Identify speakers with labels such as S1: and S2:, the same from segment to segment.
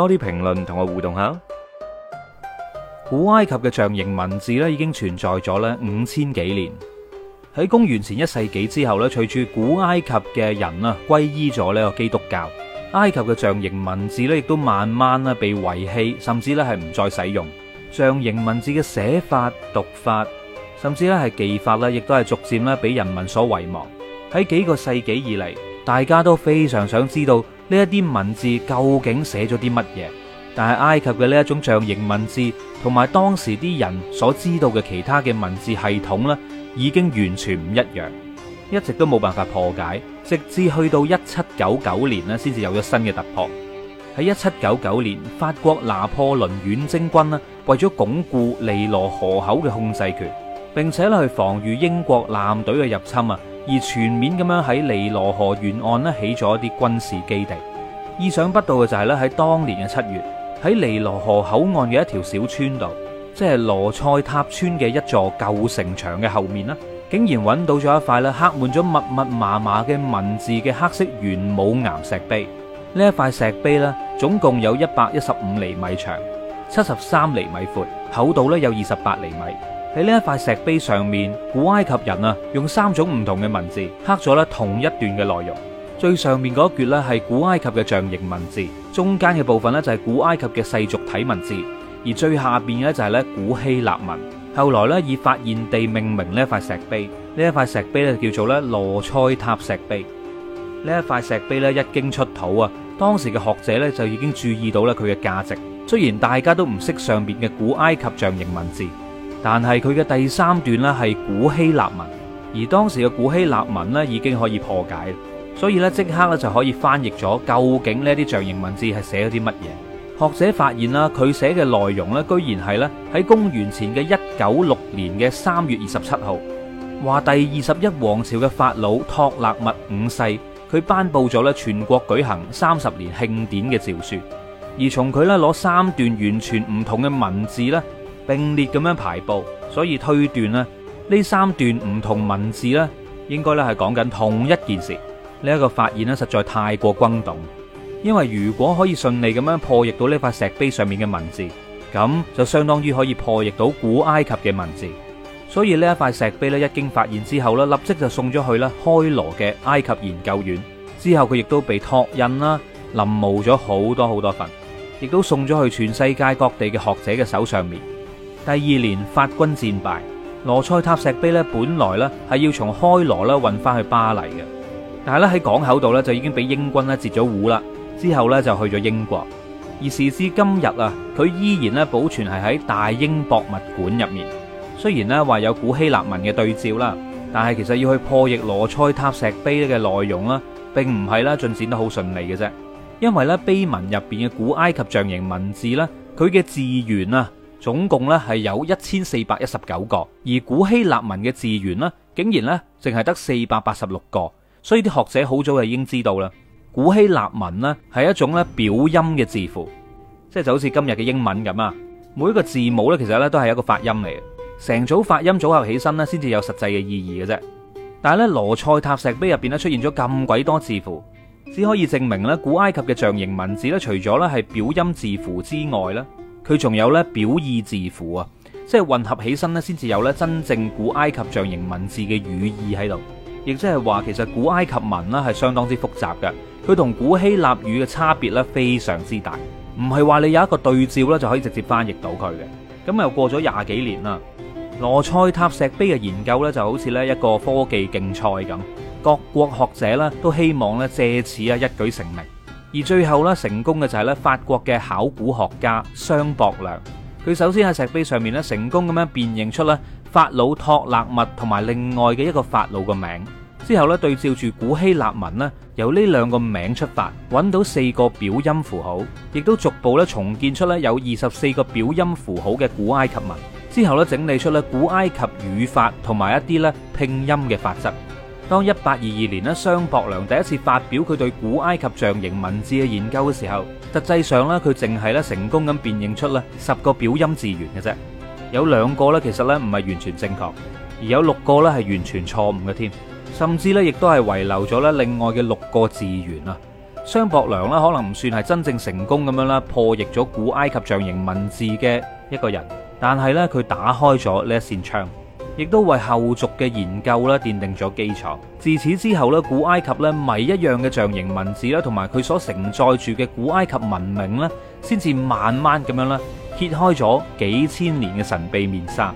S1: 多啲評論同我互動下。古埃及嘅象形文字咧，已經存在咗咧五千幾年。喺公元前一世紀之後咧，隨住古埃及嘅人啊歸依咗呢個基督教，埃及嘅象形文字咧，亦都慢慢咧被遺棄，甚至咧係唔再使用。象形文字嘅寫法、讀法，甚至咧係技法咧，亦都係逐漸咧被人民所遺忘。喺幾個世紀以嚟，大家都非常想知道。呢一啲文字究竟寫咗啲乜嘢？但係埃及嘅呢一種象形文字，同埋當時啲人所知道嘅其他嘅文字系統呢，已經完全唔一樣，一直都冇辦法破解，直至去到一七九九年呢，先至有咗新嘅突破。喺一七九九年，法國拿破崙遠征軍呢，為咗鞏固尼羅河口嘅控制權，並且去防禦英國艦隊嘅入侵啊！而全面咁樣喺尼羅河沿岸咧起咗一啲軍事基地。意想不到嘅就係咧喺當年嘅七月，喺尼羅河口岸嘅一條小村度，即係羅塞塔村嘅一座舊城牆嘅後面啦，竟然揾到咗一塊咧刻滿咗密密麻麻嘅文字嘅黑色玄武岩石碑。呢一塊石碑咧，總共有一百一十五厘米長、七十三厘米闊、厚度咧有二十八厘米。喺呢一塊石碑上面，古埃及人啊用三種唔同嘅文字刻咗咧同一段嘅內容。最上面嗰橛咧係古埃及嘅象形文字，中間嘅部分呢就係古埃及嘅世俗體文字，而最下邊呢就係咧古希臘文。後來呢，以發現地命名呢一塊石碑，呢一塊石碑呢叫做咧羅塞塔石碑。呢一塊石碑呢一經出土啊，當時嘅學者呢就已經注意到咧佢嘅價值，雖然大家都唔識上面嘅古埃及象形文字但係佢嘅第三段呢係古希臘文，而當時嘅古希臘文呢已經可以破解，所以呢即刻呢就可以翻譯咗究竟呢啲象形文字係寫咗啲乜嘢？學者發現啦，佢寫嘅內容呢居然係呢喺公元前嘅一九六年嘅三月二十七號，話第二十一王朝嘅法老托勒密五世佢頒布咗呢全國舉行三十年慶典嘅詔書，而從佢呢攞三段完全唔同嘅文字呢，並列咁樣排佈，所以推斷呢，呢三段唔同文字呢，應該咧係講緊同一件事。呢、這、一個發現咧實在太過轟動，因為如果可以順利咁樣破譯到呢塊石碑上面嘅文字，咁就相當於可以破譯到古埃及嘅文字。所以呢一塊石碑呢，一經發現之後呢，立即就送咗去咧開羅嘅埃及研究院。之後佢亦都被拓印啦、臨摹咗好多好多份，亦都送咗去全世界各地嘅學者嘅手上面。第二年法軍戰敗，羅塞塔石碑咧本來咧係要從開羅咧運翻去巴黎嘅，但係咧喺港口度咧就已經俾英軍咧截咗戶啦，之後咧就去咗英國。而時至今日啊，佢依然咧保存係喺大英博物館入面。雖然咧話有古希臘文嘅對照啦，但係其實要去破譯羅塞塔石碑嘅內容啦，並唔係啦進展得好順利嘅啫，因為咧碑文入邊嘅古埃及象形文字咧，佢嘅字源啊。總共咧係有一千四百一十九個，而古希臘文嘅字源咧竟然咧淨係得四百八十六個，所以啲學者好早就已經知道啦。古希臘文咧係一種咧表音嘅字符，即係就好似今日嘅英文咁啊。每一個字母咧其實咧都係一個發音嚟，成組發音組合起身咧先至有實際嘅意義嘅啫。但係咧羅塞塔石碑入邊咧出現咗咁鬼多字符，只可以證明咧古埃及嘅象形文字咧除咗咧係表音字符之外咧。佢仲有咧表意字符啊，即係混合起身咧，先至有咧真正古埃及象形文字嘅語意喺度。亦即係話，其實古埃及文咧係相當之複雜嘅，佢同古希臘語嘅差別咧非常之大，唔係話你有一個對照咧就可以直接翻譯到佢嘅。咁又過咗廿幾年啦，羅塞塔石碑嘅研究咧就好似咧一個科技競賽咁，各國學者咧都希望咧藉此啊一舉成名。而最後咧成功嘅就係咧法國嘅考古學家商博良，佢首先喺石碑上面咧成功咁樣辨認出咧法老托勒密同埋另外嘅一個法老嘅名，之後咧對照住古希臘文咧，由呢兩個名出發揾到四個表音符號，亦都逐步咧重建出咧有二十四個表音符號嘅古埃及文，之後咧整理出咧古埃及語法同埋一啲咧拼音嘅法則。當一八二二年咧，商博良第一次發表佢對古埃及象形文字嘅研究嘅時候，實際上咧，佢淨係咧成功咁辨認出咧十個表音字元嘅啫，有兩個咧，其實咧唔係完全正確，而有六個咧係完全錯誤嘅添，甚至咧亦都係遺留咗咧另外嘅六個字元啊。商博良咧可能唔算係真正成功咁樣啦破譯咗古埃及象形文字嘅一個人，但係咧佢打開咗呢一扇窗。亦都為後續嘅研究咧奠定咗基礎。自此之後咧，古埃及咧謎一樣嘅象形文字咧，同埋佢所承載住嘅古埃及文明咧，先至慢慢咁樣咧揭開咗幾千年嘅神秘面紗。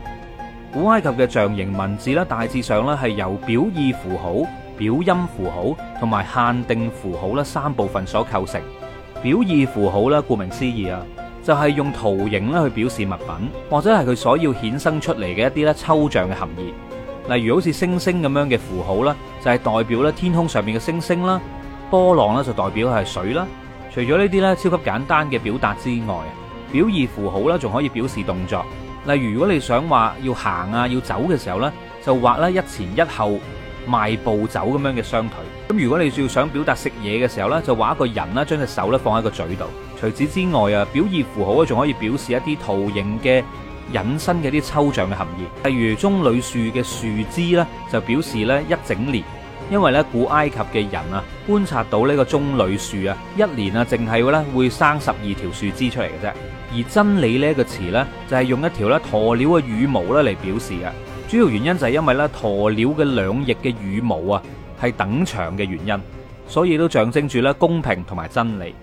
S1: 古埃及嘅象形文字咧，大致上咧係由表意符號、表音符號同埋限定符號咧三部分所構成。表意符號咧，顧名思義啊。就係用圖形咧去表示物品，或者係佢所要衍生出嚟嘅一啲咧抽象嘅含義，例如好似星星咁樣嘅符號啦，就係代表咧天空上面嘅星星啦；波浪咧就代表係水啦。除咗呢啲咧超級簡單嘅表達之外，表意符號咧仲可以表示動作，例如如果你想話要行啊要走嘅時候咧，就畫咧一前一後邁步走咁樣嘅雙腿。咁如果你要想表達食嘢嘅時候咧，就畫一個人啦，將隻手咧放喺個嘴度。除此之外啊，表意符號啊，仲可以表示一啲圖形嘅引申嘅啲抽象嘅含義。例如棕櫚樹嘅樹枝咧，就表示咧一整年，因為咧古埃及嘅人啊，觀察到呢個棕櫚樹啊，一年啊淨係咧會生十二條樹枝出嚟嘅啫。而真理呢一個詞咧，就係用一條咧鴕鳥嘅羽毛咧嚟表示嘅。主要原因就係因為咧鴕鳥嘅兩翼嘅羽毛啊係等長嘅原因，所以都象徵住咧公平同埋真理。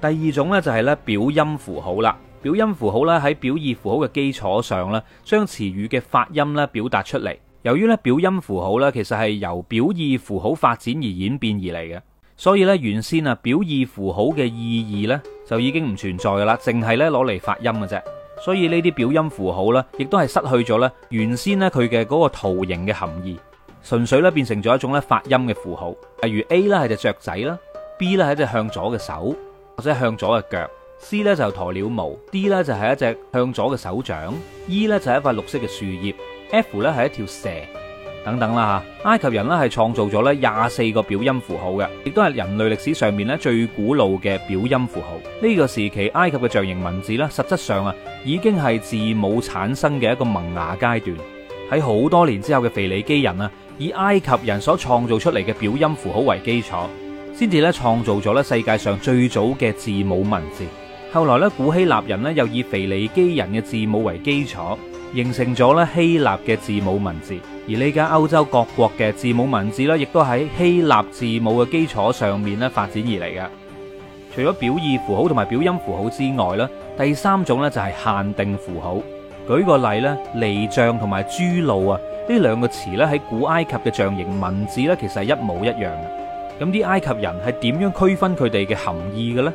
S1: 第二種咧就係咧表音符號啦，表音符號咧喺表意符號嘅基礎上咧，將詞語嘅發音咧表達出嚟。由於咧表音符號咧其實係由表意符號發展而演變而嚟嘅，所以咧原先啊表意符號嘅意義咧就已經唔存在㗎喇，淨係咧攞嚟發音嘅啫。所以呢啲表音符號咧亦都係失去咗咧原先咧佢嘅嗰個圖形嘅含義，純粹咧變成咗一種咧發音嘅符號。例如 A 咧係隻雀仔啦，B 咧係一隻向左嘅手。或者向左嘅腳，C 咧就鴕鳥毛，D 咧就係一隻向左嘅手掌，E 咧就係一塊綠色嘅樹葉，F 咧係一條蛇，等等啦，埃及人呢係創造咗咧廿四個表音符號嘅，亦都係人類歷史上面咧最古老嘅表音符號。呢個時期，埃及嘅象形文字呢，實質上啊已經係字母產生嘅一個萌芽階段。喺好多年之後嘅腓尼基人啊，以埃及人所創造出嚟嘅表音符號為基礎。先至咧創造咗咧世界上最早嘅字母文字。後來咧古希臘人咧又以腓尼基人嘅字母為基礎，形成咗咧希臘嘅字母文字。而呢間歐洲各國嘅字母文字咧，亦都喺希臘字母嘅基礎上面咧發展而嚟嘅。除咗表意符號同埋表音符號之外咧，第三種咧就係限定符號。舉個例呢「尼象」同埋豬鹿啊，呢兩個詞咧喺古埃及嘅象形文字咧，其實係一模一樣嘅。咁啲埃及人係點樣區分佢哋嘅含義嘅咧？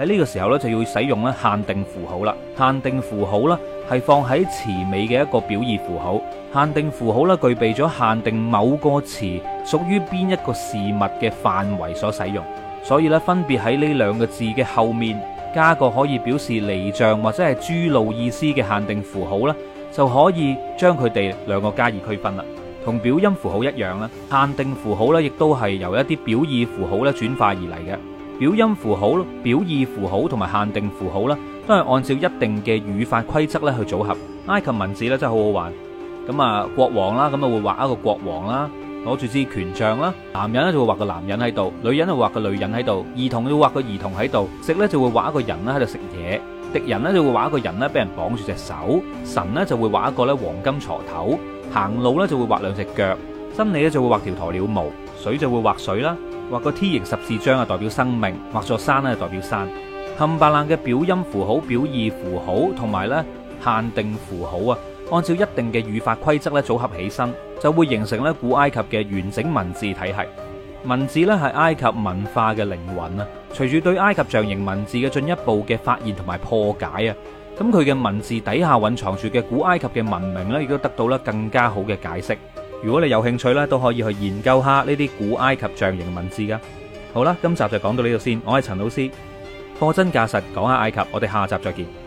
S1: 喺呢個時候咧就要使用咧限定符號啦。限定符號啦係放喺詞尾嘅一個表意符號。限定符號啦具備咗限定某個詞屬於邊一個事物嘅範圍，所使用。所以咧分別，喺呢兩個字嘅後面加個可以表示離象或者係豬路意思嘅限定符號啦，就可以將佢哋兩個加以區分啦。同表音符號一樣啦，限定符號咧，亦都係由一啲表意符號咧轉化而嚟嘅。表音符號、表意符號同埋限定符號啦，都係按照一定嘅語法規則咧去組合。埃及文字咧真係好好玩。咁啊，國王啦，咁啊會畫一個國王啦，攞住支權杖啦。男人咧就會畫個男人喺度，女人就畫個女人喺度，兒童就畫個兒童喺度。食咧就會畫一個人啦喺度食嘢。敵人呢就會畫一個人咧俾人綁住隻手。神呢就會畫一個咧黃金鋤頭。行路咧就會畫兩隻腳，真理咧就會畫條鴕鳥毛，水就會畫水啦，畫個 T 型十字章啊代表生命，畫座山咧代表山。冚唪唥嘅表音符號、表意符號同埋咧限定符號啊，按照一定嘅語法規則咧組合起身，就會形成咧古埃及嘅完整文字體系。文字咧係埃及文化嘅靈魂啊！隨住對埃及象形文字嘅進一步嘅發現同埋破解啊！咁佢嘅文字底下蘊藏住嘅古埃及嘅文明呢，亦都得到咧更加好嘅解釋。如果你有興趣呢，都可以去研究下呢啲古埃及象形文字㗎。好啦，今集就講到呢度先。我係陳老師，貨真價實講下埃及。我哋下集再見。